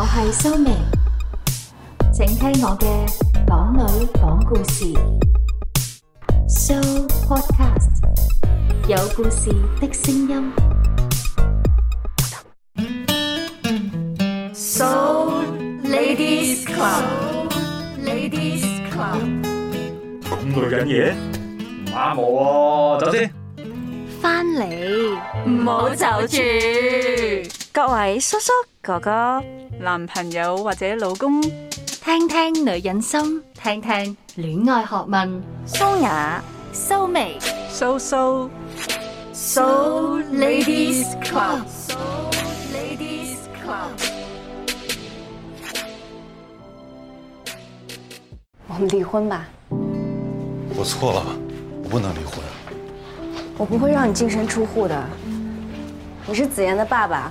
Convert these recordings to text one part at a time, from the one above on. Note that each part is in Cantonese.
我係蘇明，請聽我嘅港女講故事，So Podcast 有故事的聲音，So Ladies Club Ladies Club，咁女人嘢，唔啱我喎，走先，翻嚟，唔好走住，各位叔叔。哥哥，男朋友或者老公，聽聽女人心，聽聽戀愛學問。收呀，收尾，收收，收 Ladies Club，收 Ladies Club。我們離婚吧。我錯了，我不能離婚。我不會讓你淨身出戶的。你是子妍的爸爸。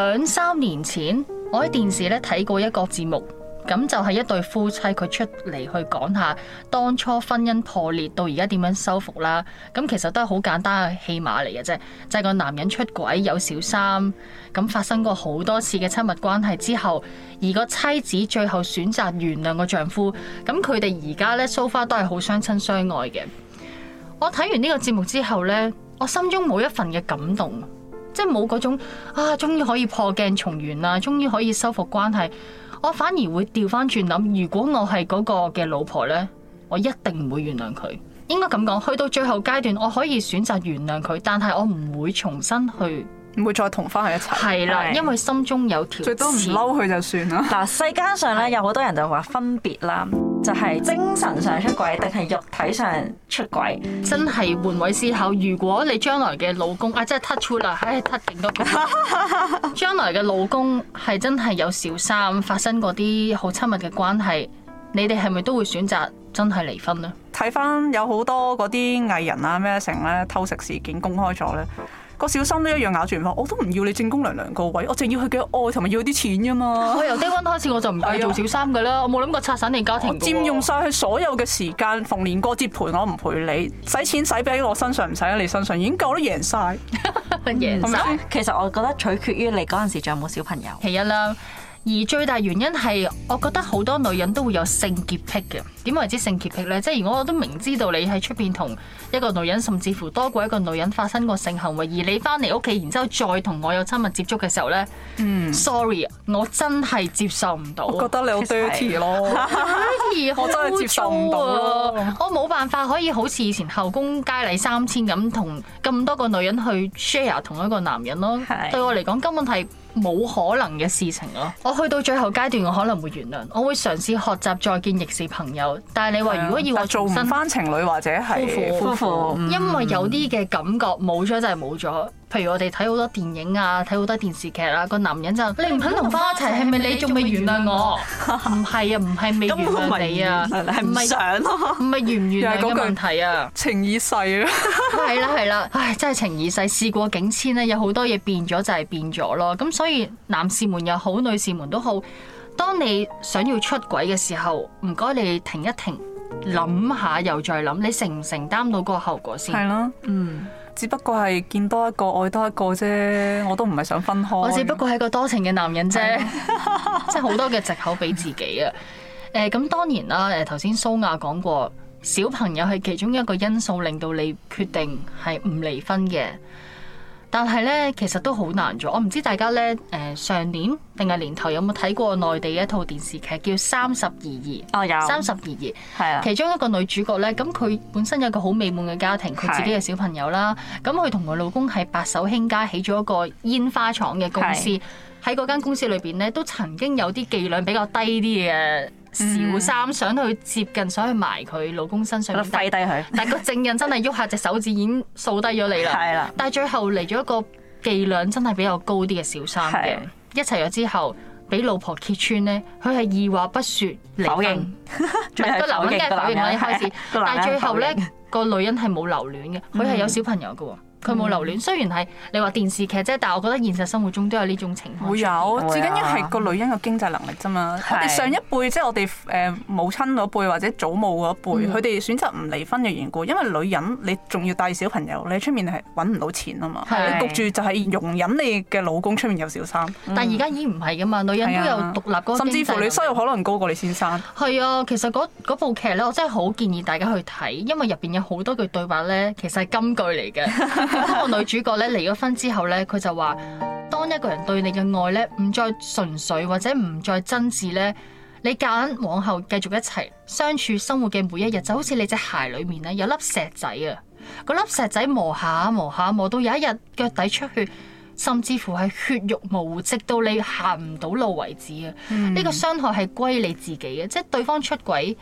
兩三年前，我喺電視咧睇過一個節目，咁就係一對夫妻佢出嚟去講下當初婚姻破裂到而家點樣修復啦。咁其實都係好簡單嘅戲碼嚟嘅啫，就係個男人出軌有小三，咁發生過好多次嘅親密關係之後，而個妻子最後選擇原諒個丈夫，咁佢哋而家咧收花都係好相親相愛嘅。我睇完呢個節目之後咧，我心中冇一份嘅感動。即係冇嗰種啊，終於可以破鏡重圓啦，終於可以修復關係。我反而會調翻轉諗，如果我係嗰個嘅老婆呢，我一定唔會原諒佢。應該咁講，去到最後階段，我可以選擇原諒佢，但係我唔會重新去。唔會再同翻喺一齊。係啦，因為心中有條線。最多唔嬲佢就算啦。嗱，世間上咧有好多人就話分別啦， 就係精神上出軌定係肉體上出軌，真係換位思考。如果你將來嘅老公啊，即係 cut out 啦，唉，cut 幾多？ 將來嘅老公係真係有小三發生嗰啲好親密嘅關係，你哋係咪都會選擇真係離婚呢？睇翻有好多嗰啲藝人啊咩成咧偷食事件公開咗咧。個小三都一樣咬住唔放，我都唔要你正宮娘娘個位，我淨要佢嘅愛同埋要啲錢啫嘛。 我由 Day 1開始我就唔計做小三㗎啦，Yeah. 我冇諗過拆散你家庭，我佔用晒佢所有嘅時間，逢年過節陪我唔陪你，使錢使喺我身上唔使喺你身上，已經夠都贏晒。贏晒。其實我覺得取決於你嗰陣時仲有冇小朋友。 其一啦。而最大原因係，我覺得好多女人都會有性潔癖嘅。點為之性潔癖呢？即係如果我都明知道你喺出邊同一個女人，甚至乎多過一個女人發生過性行為，而你翻嚟屋企，然之後再同我有親密接觸嘅時候呢，嗯，sorry，我真係接受唔到。我覺得你好 dirty 咯， 我真係接受唔到。我冇辦法可以好似以前後宮佳麗三千咁，同咁多個女人去 share 同一個男人咯。是對我嚟講，根本係。冇可能嘅事情咯。我去到最後階段，我可能會原諒，我會嘗試學習再見亦是朋友。但係你話如果要我做唔翻情侶或者係夫婦，因為有啲嘅感覺冇咗就係冇咗。譬如我哋睇好多電影啊，睇好多電視劇啊，個男人就你唔肯同返一齊，係咪你仲未原諒我？唔係啊，唔係未原諒你啊，係唔、啊、想咯、啊，唔係原唔、那個、原諒嘅問題啊，情已逝啊，係啦係啦，唉，真係情已逝，事過境遷咧，有好多嘢變咗就係、是、變咗咯。咁所以男士們又好，女士們都好，當你想要出軌嘅時候，唔該你停一停，諗下又再諗、嗯，你承唔承擔到嗰個後果先？係咯吧，嗯。只不過係見多一個愛多一個啫，我都唔係想分開。我只不過係個多情嘅男人啫，即係好多嘅藉口俾自己啊。咁當然啦。誒，頭先蘇亞講過，小朋友係其中一個因素令到你決定係唔離婚嘅。但係咧，其實都好難做。我唔知大家咧，誒、呃、上年定係年頭有冇睇過內地一套電視劇叫《三十而已》。哦，有。三十而已，係啊。其中一個女主角咧，咁佢本身有個好美滿嘅家庭，佢自己嘅小朋友啦。咁佢同佢老公係白手興家起咗一個煙花廠嘅公司。喺嗰是的 間公司裏邊咧，都曾經有啲伎倆比較低啲嘅。小三想去接近，想去埋佢老公身上，廢低佢。但係個證人真係喐下隻手指，已經掃低咗你啦。係啦。但係最後嚟咗一個伎倆真係比較高啲嘅小三嘅，一齊咗之後，俾老婆揭穿咧，佢係二話不說否認，唔，個男人梗係否認，我一開始。但係最後咧，個女人係冇留戀嘅，佢係有小朋友嘅。佢冇留戀，雖然係你話電視劇啫，但係我覺得現實生活中都有呢種情況出現。會有，最緊要係個女人嘅經濟能力啫嘛。嗯、我哋上一輩即係、就是、我哋誒母親嗰輩或者祖母嗰輩，佢哋、嗯、選擇唔離婚嘅緣故，因為女人你仲要帶小朋友，你出面係揾唔到錢啊嘛。係是，焗住就係容忍你嘅老公出面有小三。嗯、但而家已經唔係噶嘛，女人都有獨立嗰。甚至乎你收入可能高過你先生。係啊、嗯，其實嗰部劇咧，我真係好建議大家去睇，因為入邊有好多句對話咧，其實係金句嚟嘅。 個 女主角咧離咗婚之後咧，佢就話：當一個人對你嘅愛咧唔再純粹或者唔再真摯咧，你揀往後繼續一齊相處生活嘅每一日，就好似你隻鞋裏面咧有粒石仔啊！嗰粒石仔磨下磨下，磨、下磨到有一日腳底出血，甚至乎係血肉模糊，直到你行唔到路為止啊！呢、嗯、個傷害係歸你自己嘅，即、就、係、是、對方出軌。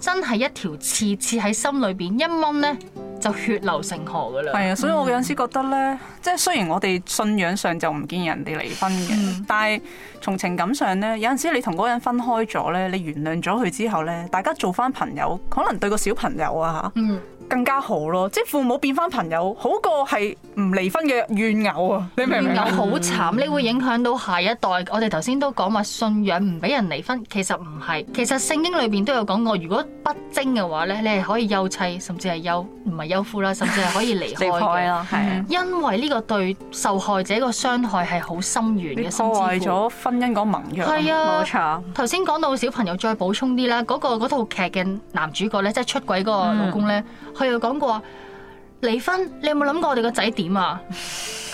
真係一條刺，刺喺心裏邊，一掹呢，就血流成河噶啦。係啊，所以我有陣時覺得呢，即係、嗯、雖然我哋信仰上就唔建議人哋離婚嘅，嗯、但係從情感上呢，有陣時你同嗰個人分開咗呢，你原諒咗佢之後呢，大家做翻朋友，可能對個小朋友啊吓。嗯嗯更加好咯，即係父母變翻朋友，好過係唔離婚嘅怨偶啊！你明唔明？怨偶好慘，你、嗯、會影響到下一代。嗯、我哋頭先都講話信仰唔俾人離婚，其實唔係。其實聖經裏邊都有講過，如果不貞嘅話咧，你係可以休妻，甚至係休唔係休夫啦，甚至係可以離開啦，係 因為呢個對受害者個傷害係好深遠嘅，甚至破壞咗婚姻嗰盟約。係啊、嗯，頭先講到小朋友，再補充啲啦。嗰、嗰個套、嗰個嗰個嗰個、劇嘅男主角咧，即係出軌個老公咧。嗯嗯嗯佢又講過離婚，你有冇諗過我哋個仔點啊？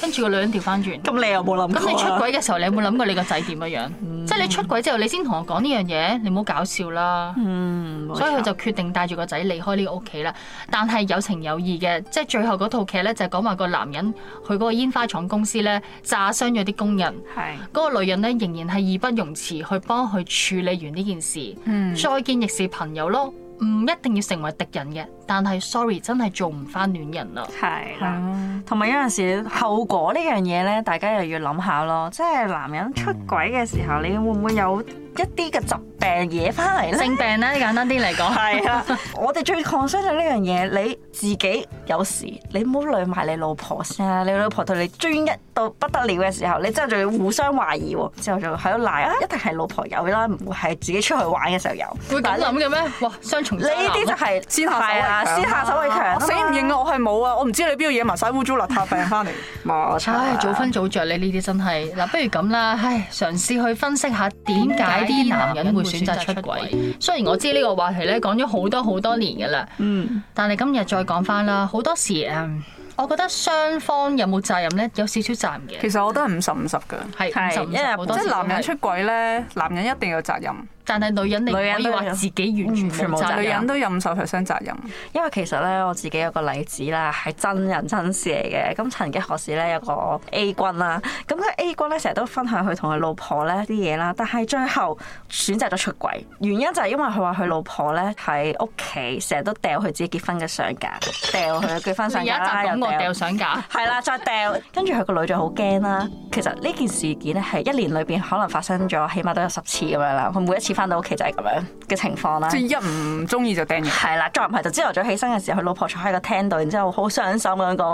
跟住個女人調翻轉，咁 你有冇諗過、啊？咁你出軌嘅時候，你有冇諗過你個仔點樣？即係你出軌之後你，你先同我講呢樣嘢，你唔好搞笑啦。嗯、所以佢就決定帶住個仔離開呢個屋企啦。但係有情有義嘅，即係最後嗰套劇咧，就是、講話個男人去嗰個煙花廠公司咧，炸傷咗啲工人，係嗰是個女人咧仍然係義不容辭去幫佢處理完呢件事。嗯、再見亦是朋友咯，唔一定要成為敵人嘅。但係，sorry，真係做唔翻戀人啦。係同埋有陣時後果呢樣嘢咧，大家又要諗下咯。即係男人出軌嘅時候，你會唔會有一啲嘅疾病惹翻嚟咧？性病咧，簡單啲嚟講係啦。我哋最抗衰就呢樣嘢，你自己有時，你唔好累埋你老婆先。你老婆對你專一到不得了嘅時候，你真係仲要互相懷疑，之後就喺度賴啊，一定係老婆有啦，唔會係自己出去玩嘅時候有。會咁諗嘅咩？你哇，雙重呢啲就係先下手了對私下手係強，啊、死唔認啊，啊！我係冇啊！我唔知你邊度惹埋晒污糟邋遢病翻嚟。唉，早分早着，你呢啲真係嗱，啊，不如咁啦，唉，嘗試去分析下點解啲男人會選擇出軌。嗯，雖然我知呢個話題咧講咗好多好多年噶啦，嗯，但係今日再講翻啦。好多時誒。我覺得雙方有冇責任咧，有少少責任嘅。其實我都係五十五十㗎，係因為即係男人出軌咧，男人一定要有責任。但係女人，女人可以話自己完全冇責任。女人都有五十五十互相責任。因為其實咧，我自己有個例子啦，係真人真事嚟嘅。咁陳吉博士咧有個 A 君啦，咁佢 A 君咧成日都分享佢同佢老婆咧啲嘢啦，但係最後選擇咗出軌，原因就係因為佢話佢老婆咧喺屋企成日都掉佢自己結婚嘅相架，掉佢嘅結婚相架 掉相架，係啦，再掉，跟住佢個女就好驚啦。其實呢件事件咧，係一年裏邊可能發生咗起碼都有十次咁樣啦。佢每一次翻到屋企就係咁樣嘅情況啦。即一唔中意就掟完，係啦，再唔係就朝頭早起身嘅時候，佢老婆坐喺個廳度，然之後好傷心咁講：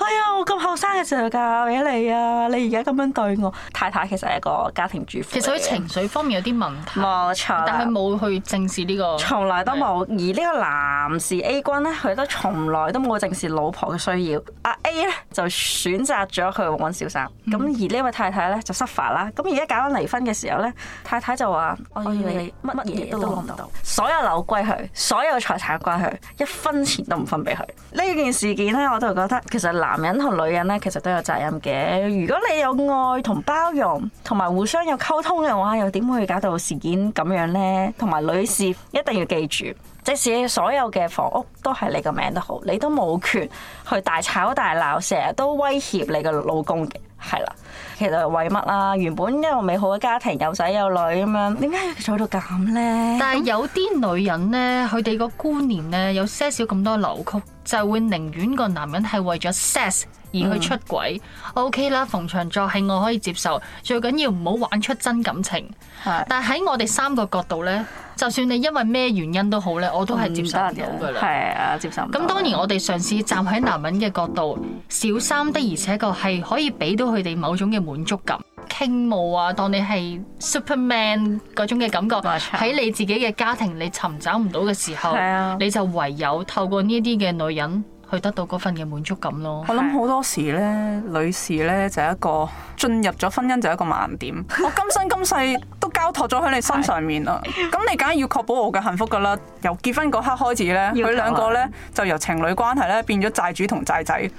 哎呀，我咁後生嘅時候嫁俾你啊，你而家咁樣對我。太太其實係一個家庭主婦，其實佢情緒方面有啲問題，冇錯但佢冇去正視呢個，從來都冇。的而呢個男士 A 君咧，佢都從來都冇正視老婆嘅需要。阿 A 咧就選擇咗去揾小三，咁、嗯、而呢位太太呢就失法啦。咁而家搞緊離婚嘅時候呢，太太就話：我與你乜乜嘢都攞唔到，所有樓歸佢，所有財產歸佢，一分錢都唔分俾佢。呢件事件呢，我就覺得其實男人同女人呢其實都有責任嘅。如果你有愛同包容，同埋互相有溝通嘅話，又點會搞到事件咁樣呢？同埋女士一定要記住。即使所有嘅房屋都係你個名都好，你都冇權去大吵大鬧，成日都威脅你個老公嘅，係啦。其實為乜啊？原本一個美好嘅家庭，有仔有女咁樣，點解要做到咁呢？但係有啲女人呢，佢哋個觀念呢，有些少咁多扭曲，就會寧願個男人係為咗 sex 而去出軌。嗯、OK 啦，逢場作戲我可以接受，最緊要唔好玩出真感情。是的 但係喺我哋三個角度呢，就算你因為咩原因都好咧，我都係接受唔到㗎喇。係啊，接受唔到。咁當然我哋嘗試站喺男人嘅角度，小三的而且確係可以俾到佢哋某種嘅滿足感，傾慕啊，當你係 Superman 嗰種嘅感覺，喺你自己嘅家庭你尋找唔到嘅時候，啊、你就唯有透過呢啲嘅女人。去得到嗰份嘅滿足感咯。我諗好多時咧，女士咧就是、一個進入咗婚姻就一個盲點。我今生今世都交託咗喺你身上面啦，咁 你梗係要確保我嘅幸福噶啦。由結婚嗰刻開始咧，佢要求 兩個咧就由情侶關係咧變咗債主同債仔。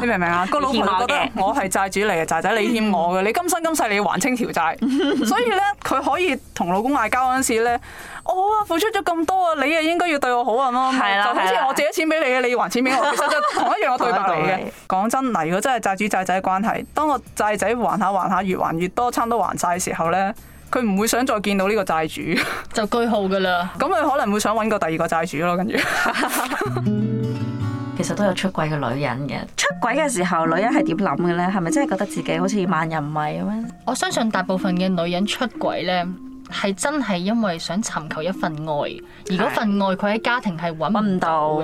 你明唔明啊？個 老婆覺得我係債主嚟嘅，債仔你欠我嘅，你今生今世你要還清條債。 所以咧，佢可以同老公嗌交嗰陣時咧。我啊、哦，付出咗咁多啊，你啊應該要對我好啊嘛，的就好似我借咗錢俾你啊，你要還錢俾我， 其實就同一樣我退步嚟嘅。講 真，嗱，如果真係債主債仔關係，當我債仔還下還下越還越多，差唔多還晒嘅時候咧，佢唔會想再見到呢個債主， 就句號噶啦。咁佢可能會想揾個第二個債主咯，跟住。 其實都有出軌嘅女人嘅。出軌嘅時候，女人係點諗嘅咧？係咪真係覺得自己好似萬人迷咁樣？我相信大部分嘅女人出軌咧。係真係因為想尋求一份愛，而嗰份愛佢喺家庭係搵唔到。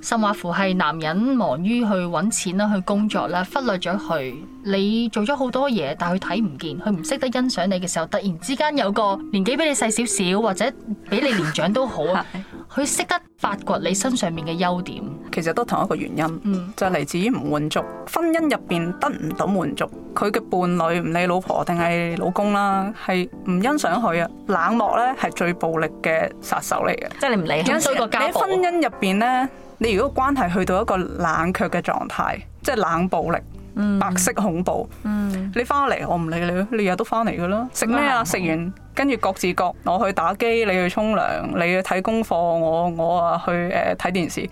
甚或乎係男人忙於去搵錢啦，去工作啦，忽略咗佢。你做咗好多嘢，但係佢睇唔見，佢唔識得欣賞你嘅時候，突然之間有個年紀比你細少少，或者比你年長都好啊。 佢識得發掘你身上面嘅優點，其實都同一個原因，就係嚟自於唔滿足。婚姻入邊得唔到滿足，佢嘅伴侶唔理老婆定係老公啦，係唔欣賞佢啊，冷漠咧係最暴力嘅殺手嚟嘅，即係你唔理。你喺婚姻入邊咧，你如果關係去到一個冷卻嘅狀態，即係冷暴力。白色恐怖，嗯、你返嚟我唔理你咯，你日日都返嚟噶啦，食咩啊？食完跟住各自各，我去打機，你去沖涼，你去睇功課，我我啊去誒睇、呃、電視。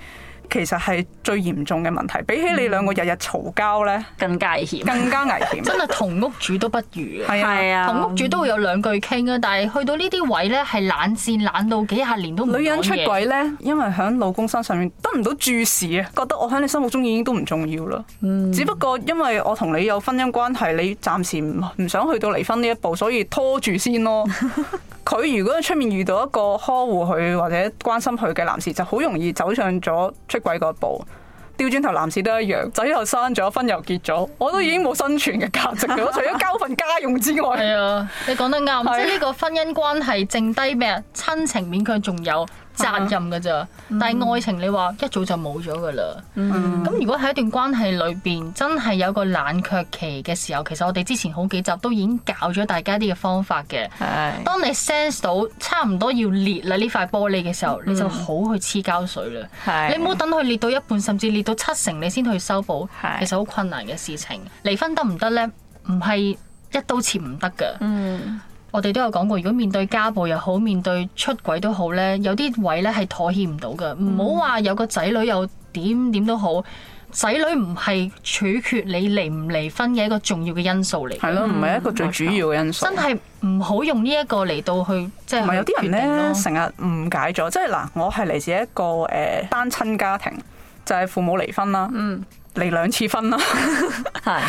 其實係最嚴重嘅問題，比起你兩個日日嘈交咧，更加危險，更加危險。 真係同屋主都不如係 啊，同、啊、屋主都會有兩句傾啊，但係去到呢啲位咧，係冷戰冷到幾廿年都唔講嘢。女人出軌咧，因為響老公身上面得唔到注視啊，覺得我喺你心目中已經都唔重要啦。嗯，只不過因為我同你有婚姻關係，你暫時唔唔想去到離婚呢一步，所以拖住先咯。佢 如果喺出面遇到一個呵護佢或者關心佢嘅男士，就好容易走上咗。貴過一部，調轉頭男士都一樣，仔又生咗，婚又結咗，我都已經冇生存嘅價值嘅，我 除咗交份家用之外，係 啊，你講得啱，是啊、即係呢個婚姻關係，剩低咩啊？親情勉強仲有。責任噶咋？嗯、但係愛情你，你話一早就冇咗噶啦。咁、嗯、如果喺一段關係裏邊，真係有個冷卻期嘅時候，其實我哋之前好幾集都已經教咗大家啲嘅方法嘅。是當你 sense 到差唔多要裂啦呢塊玻璃嘅時候，嗯、你就好去黐膠水啦。是你唔好等佢裂到一半，甚至裂到七成，你先去修補，是其實好困難嘅事情。離婚得唔得呢？唔係一刀切唔得噶。嗯我哋都有講過，如果面對家暴又好，面對出軌都好呢，有啲位呢係妥協唔到嘅。唔好話有個仔女又點點都好，仔女唔係取決你離唔離婚嘅一個重要嘅因素嚟。係咯，唔係一個最主要嘅因素。真係唔好用呢一個嚟到、就是、去，即係唔係有啲人呢，成日誤解咗，即係嗱，我係嚟自一個誒、呃、單親家庭，就係、是、父母離婚啦。嗯。離兩次婚啦，係，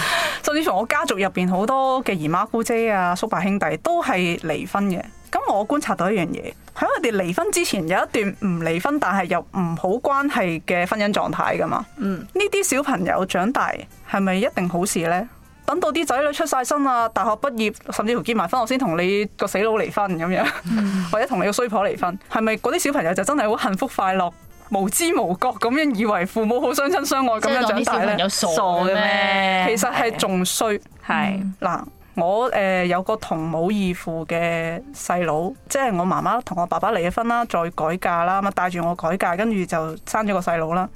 甚至從我家族入邊好多嘅姨媽姑姐啊、叔伯兄弟都係離婚嘅。咁我觀察到一樣嘢，喺我哋離婚之前有一段唔離婚但係又唔好關係嘅婚姻狀態噶嘛。嗯，呢啲小朋友長大係咪一定好事呢？等到啲仔女出晒身啊，大學畢業甚至乎結埋婚，我先同你個死佬離婚咁樣，嗯、或者同你個衰婆離婚，係咪嗰啲小朋友就真係好幸福快樂？無知無覺咁樣以為父母好相親相愛咁樣長大咧，有傻嘅咩？其實係仲衰。係嗱是、嗯，我誒、呃、有個同母異父嘅細佬，即係我媽媽同我爸爸離咗婚啦，再改嫁啦，咁帶住我改嫁，跟住就生咗個細佬啦。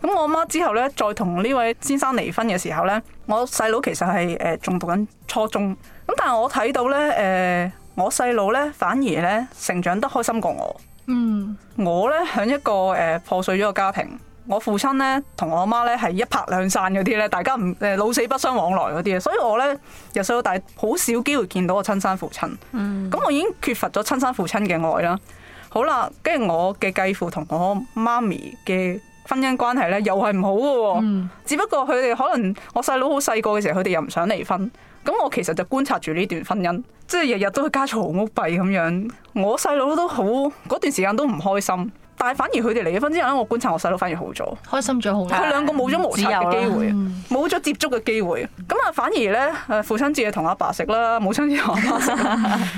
咁我媽之後咧，再同呢位先生離婚嘅時候咧，我細佬其實係誒仲讀緊初中，咁但係我睇到咧，誒、呃、我細佬咧反而咧成長得開心過我。嗯，我咧喺一個誒、呃、破碎咗個家庭，我父親咧同我媽咧係一拍兩散嗰啲咧，大家唔誒老死不相往來嗰啲啊，所以我咧由細到大好少機會見到我親生父親。嗯，咁我已經缺乏咗親生父親嘅愛啦。好啦，跟住我嘅繼父同我媽咪嘅婚姻關係咧又係唔好嘅，哦，嗯、只不過佢哋可能我細佬好細個嘅時候，佢哋又唔想離婚。咁我其實就觀察住呢段婚姻，即係日日都家嘈屋閉咁樣，我細佬都好，嗰段時間都唔開心。但係反而佢哋離咗婚之後咧，我觀察我細佬反而好咗，開心咗好多。佢兩個冇咗摩擦嘅機會，冇咗接觸嘅機會。咁啊，反而咧，父親節同阿爸食啦，母親節同阿媽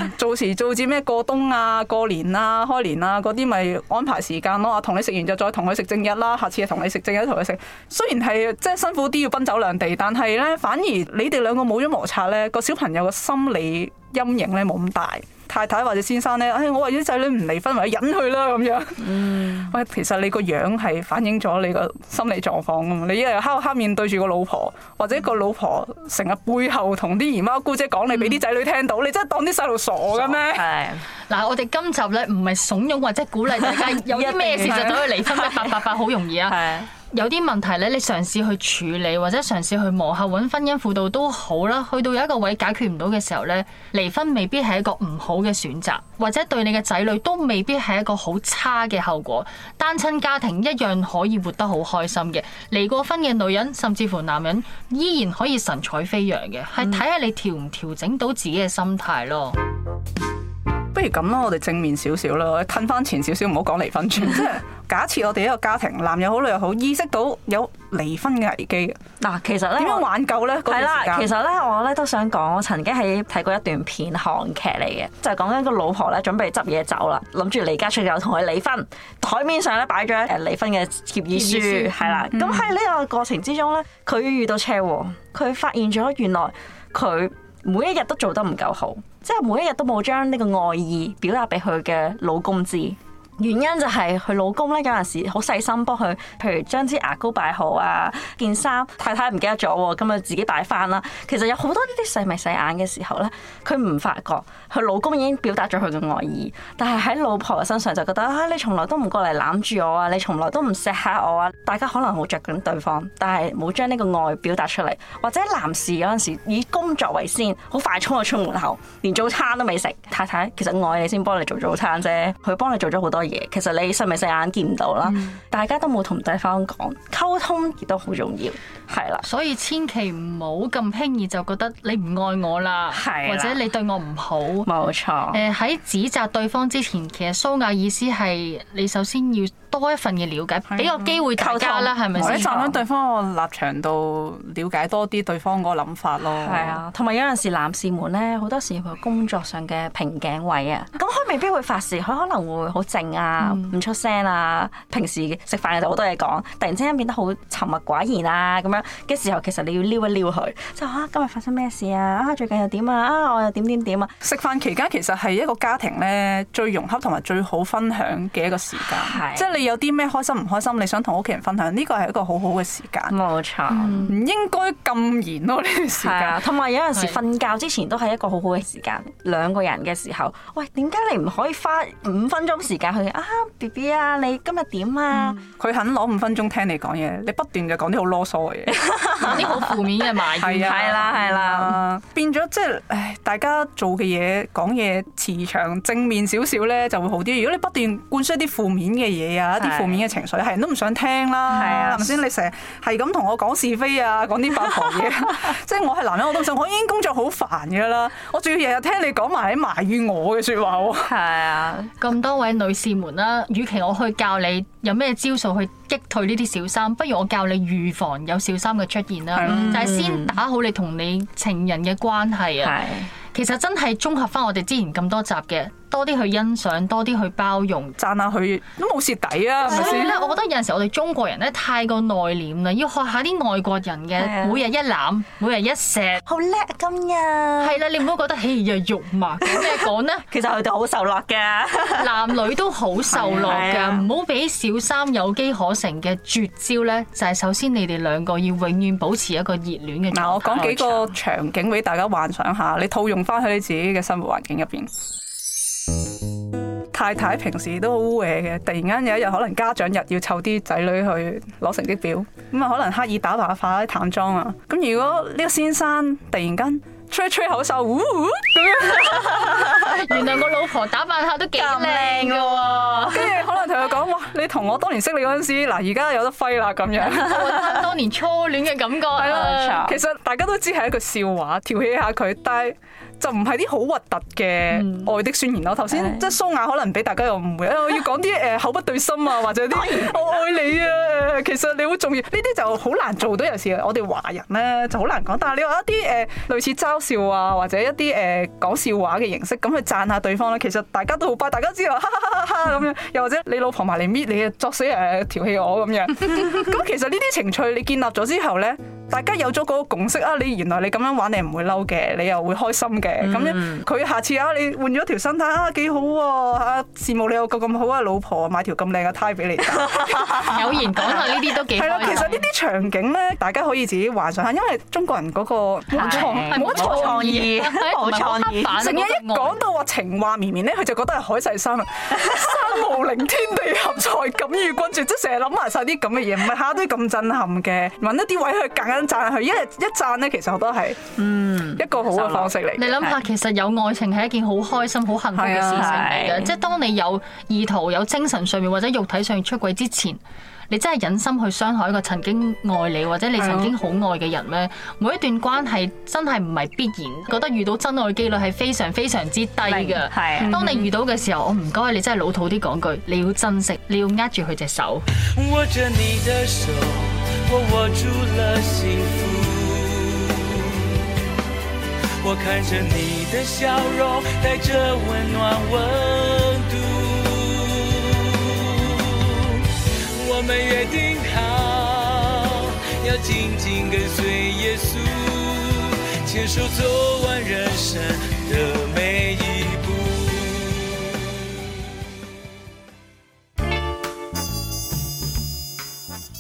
食。 做時做節咩過冬啊、過年啊、開年啊嗰啲，咪安排時間咯。同、啊、你食完就再同佢食正日啦，下次又同你食正日同佢食。雖然係即係辛苦啲要奔走兩地，但係咧反而你哋兩個冇咗摩擦咧，個小朋友嘅心理陰影咧冇咁大。太太或者先生咧，哎，我話啲仔女唔離婚或者忍佢啦咁樣。嗯、喂，其實你個樣係反映咗你個心理狀況噶嘛？你一日黑黑面對住個老婆，嗯、或者個老婆成日背後同啲姨媽姑姐講你，俾啲仔女聽到，你真係當啲細路傻嘅咩？嗱，我哋今集咧唔係慫恿或者鼓勵大家有啲咩事就走去離婚咩？八八八好容易啊！有啲問題咧，你嘗試去處理，或者嘗試去磨合，揾婚姻輔導都好啦。去到有一個位解決唔到嘅時候咧，離婚未必係一個唔好嘅選擇，或者對你嘅仔女都未必係一個好差嘅後果。單親家庭一樣可以活得好開心嘅，離過婚嘅女人甚至乎男人依然可以神采飛揚嘅，係睇下你調唔調整到自己嘅心態咯。嗯不如咁咯，我哋正面少少啦，褪翻前少少，唔好講離婚傳。 假設我哋一個家庭，男又好，女又好，意識到有離婚嘅危機。嗱、啊，其實咧點樣挽救咧？係啦我，其實咧我咧都想講，我曾經喺睇過一段片，韓劇嚟嘅，就係講緊個老婆咧準備執嘢走啦，諗住離家出走同佢離婚。台面上咧擺咗離婚嘅協議書，係啦思。咁喺呢個過程之中咧，佢遇到車禍，佢發現咗原來佢。每一日都做得唔夠好，即係每一日都冇將呢個愛意表達俾佢嘅老公知。原因就係佢老公呢，有陣時好細心幫佢，譬如將支牙膏擺好啊，件衫太太唔記得咗，咁啊自己擺翻啦。其實有好多呢啲細眉細眼嘅時候呢，佢唔發覺。佢老公已經表達咗佢嘅愛意，但係喺老婆嘅身上就覺得啊、哎，你從來都唔過嚟攬住我啊，你從來都唔錫下我啊。大家可能好着緊對方，但係冇將呢個愛表達出嚟，或者男士有陣時以工作為先，好快衝我出門口，連早餐都未食。太太其實愛你先幫你做早餐啫，佢幫你做咗好多嘢，其實你細咪細眼見唔到啦。嗯、大家都冇同對方講，溝通亦都好重要，係啦。所以千祈唔好咁輕易就覺得你唔愛我啦，的或者你對我唔好。冇錯。誒喺、呃、指責對方之前，其實蘇雅意思係你首先要多一份嘅了解，俾個機會大家啦，係咪或者站喺對方個立場度了解多啲對方個諗法咯。係啊，同埋有陣時男士們咧，好多時佢工作上嘅瓶頸位啊，咁佢 未必會發事，佢可能會好靜啊，唔出聲啊。平時食飯嘅時候好多嘢講，突然之間變得好沉默寡言啊。咁樣嘅時候，其實你要撩一撩佢，就係、啊今日發生咩事啊？啊最近又點啊？啊我又點點點啊！食飯。期間其實係一個家庭咧最融洽同埋最好分享嘅一個時間，即係你有啲咩開心唔開心，你想同屋企人分享，呢個係一個好好嘅時間。冇錯，唔應該咁嚴咯呢段時間。係啊，同埋有陣時瞓覺之前都係一個好好嘅時間，兩個人嘅時候，喂，點解你唔可以花五分鐘時間去啊 B B 啊，你今日點啊？佢肯攞五分鐘聽你講嘢，你不斷就講啲好囉嗦嘅嘢，啲好負面嘅埋怨，係啦係啦，變咗即係，唉，大家做嘅嘢。講嘢磁場正面少少呢，就會好啲。如果你不斷灌輸啲負面嘅嘢啊，一負，一啲負面嘅情緒，係人都唔想聽啦、啊的。係啊，頭先你成日係咁同我講是非啊，講啲八婆嘢。 即係我係男人，我都唔想。我已經工作好煩噶啦，我仲要日日聽你講埋喺埋怨我嘅說話，話、啊的。好係啊，咁多位女士們啦，與其我去教你有咩招數去擊退呢啲小三，不如我教你預防有小三嘅出現啦。就係、嗯、先打好你同你情人嘅關係啊。其實真係綜合返我哋之前咁多集嘅。多啲去欣賞，多啲去包容，讚下佢都冇蝕底啊！係咪先啦，我覺得有陣時我哋中國人咧太過內斂啦，要學下啲外國人嘅每日一攬、啊，每日一錫，好叻啊！今日係啦，你唔好覺得，嘿又肉麻，有咩講呢， 其實佢哋好受落嘅， 男女都好受落嘅，唔好俾小三有機可乘嘅絕招呢，就係、是、首先你哋兩個要永遠保持一個熱戀嘅。嗱，我講幾個場景俾大家幻想下，你套用翻去你自己嘅生活環境入邊。太太平時都好烏嘢嘅，突然間有一日可能家長日要湊啲仔女去攞成績表，咁啊可能刻意打扮化啲淡妝啊。咁如果呢個先生突然間吹一吹,吹口哨，嗚嗚，咁樣 原來個老婆打扮下都幾靚噶，跟住、啊、 可能同佢講哇，你同我當年識你嗰陣時，嗱而家有得揮啦咁樣，覺得當年初戀嘅感覺，係咯，其實大家都知係一個笑話，調戲下佢，但就唔係啲好核突嘅愛的宣言咯。頭先、嗯、即係蘇雅可能俾大家又誤會。我、哎、要講啲誒口不對心啊，或者啲 我愛你啊。其實你好重要，呢啲就好難做到。有時我哋華人咧就好難講。但係你話一啲誒、呃、類似嘲笑啊，或者一啲誒講笑話嘅形式，咁去讚下對方咧。其實大家都好拜大家知道，哈哈哈哈咁樣。又或者你老婆埋嚟搣你啊，作死誒、呃、調戲我咁樣。咁 其實呢啲情趣你建立咗之後咧。大家有咗嗰個共識啊！你原來你咁樣玩你唔會嬲嘅，你又會開心嘅。咁樣佢下次啊，你換咗條新胎啊，幾好喎！啊，羨慕你有個咁好嘅老婆，買條咁靚嘅胎俾你。有言講下呢啲都幾開心。係啦，其實呢啲場景咧，大家可以自己幻想下，因為中國人嗰個冇創冇創意，冇創意，成日一講到話情話綿綿咧，佢就覺得係海誓山盟，山無陵，天地合，乃敢與君絕，即係成日諗埋曬啲咁嘅嘢，唔係下下都咁震撼嘅，揾一啲位去揀。讚佢，因為一讚咧，其實我都係，嗯，一個好嘅方式嚟。你諗、嗯、下，想想是其實有愛情係一件好開心、好幸福嘅事情嚟嘅。即係當你有意圖、有精神上面或者肉體上面出軌之前，你真係忍心去傷害一個曾經愛你或者你曾經好愛嘅人咩？的每一段關係真係唔係必然，覺得遇到真愛嘅幾率係非常非常之低嘅。係，當你遇到嘅時候，我唔該你真係老土啲講句，你要珍惜，你要握住佢隻手。我握住了幸福，我看着你的笑容，帶着溫暖溫度。我們約定好，要緊緊跟隨耶穌，牽手走完人生的每一步。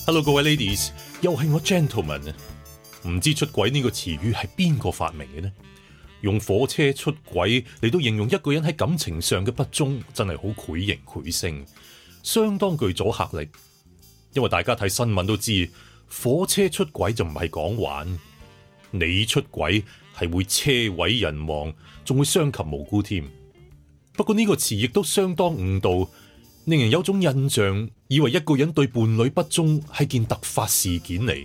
Hello，各位 ladies，又係我 gentlemen 啊！唔知出軌呢個詞語係邊個發明嘅呢？用火車出軌，嚟到形容一個人喺感情上嘅不忠，真係好繪形繪聲，相當具阻嚇力。因為大家睇新聞都知，火車出軌就唔係講玩，你出軌係會車毀人亡，仲會傷及無辜添。不過呢個詞亦都相當誤導。令人有種印象，以為一個人對伴侶不忠係件突發事件嚟，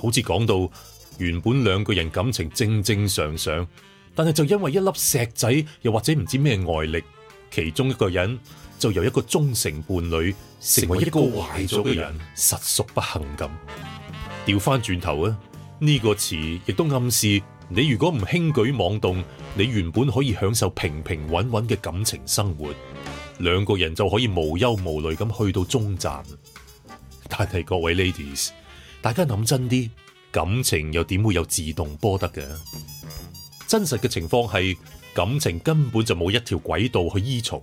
好似講到原本兩個人感情正正常常，但係就因為一粒石仔，又或者唔知咩外力，其中一個人就由一個忠誠伴侶成為一個壞咗嘅人，實屬不幸咁。調翻轉頭啊，呢個詞亦都暗示你如果唔輕舉妄動，你原本可以享受平平穩穩嘅感情生活，兩個人就可以無憂無慮咁去到終站，但係各位 ladies，大家諗真啲，感情又點會有自動波得嘅？真實嘅情況係感情根本就冇一條軌道去依從，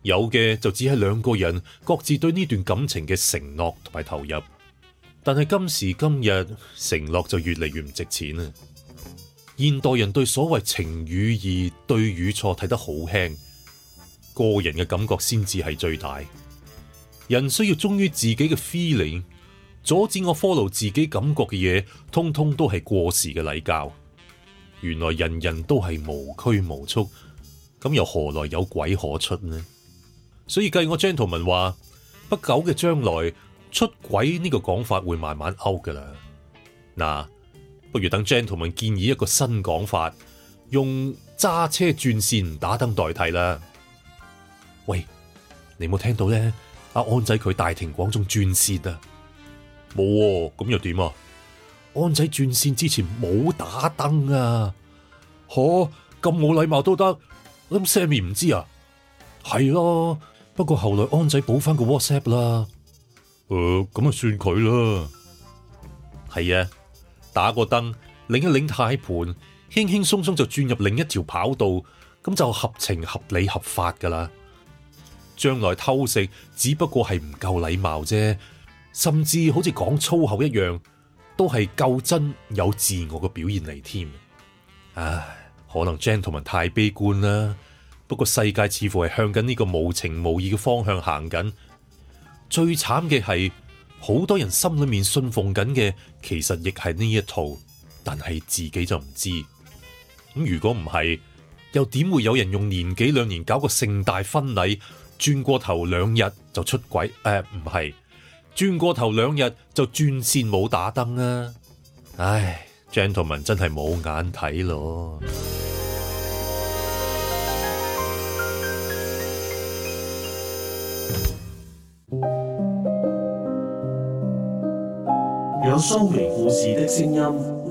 有嘅就只係兩個人各自對呢段感情嘅承諾同埋投入。但係今時今日，承諾就越嚟越唔值錢啊！現代人對所謂情與義、對與錯睇得好輕。個人嘅感覺先至係最大，人需要忠於自己嘅 feeling。阻止我 follow 自己感覺嘅嘢，通通都係過時嘅禮教。原來人人都係無拘無束，咁又何來有鬼可出呢？所以計我 gentleman 話，不久嘅將來出軌呢個講法會慢慢 out 噶啦。嗱，不如等 gentleman 建議一個新講法，用揸車轉線打燈代替啦。喂，你冇聽到咧？阿、啊、安仔佢大庭廣眾轉線啊，冇咁又點啊？安仔轉線之前冇打燈啊，嗬咁冇禮貌都得咁？Sammy 唔知啊，係咯、啊啊。不過後來安仔補翻個 WhatsApp 啦，誒咁啊，算佢啦。係啊，打個燈，擰一擰軚盤，輕輕松鬆就轉入另一條跑道，咁就合情合理合法噶啦。將來偷食只不過係唔夠禮貌啫，甚至好似講粗口一樣，都係夠真有自我嘅表現嚟添。唉，可能 gentleman 太悲觀啦。不過世界似乎係向緊呢個無情無義嘅方向行緊。最慘嘅係好多人心裏面信奉緊嘅，其實亦係呢一套，但係自己就唔知咁。如果唔係，又點會有人用年幾兩年搞個盛大婚禮？轉過頭兩日就出軌，誒、呃，唔係，轉過頭兩日就轉線冇打燈啊！唉，gentleman 真係冇眼睇咯。有雙微故事的聲音。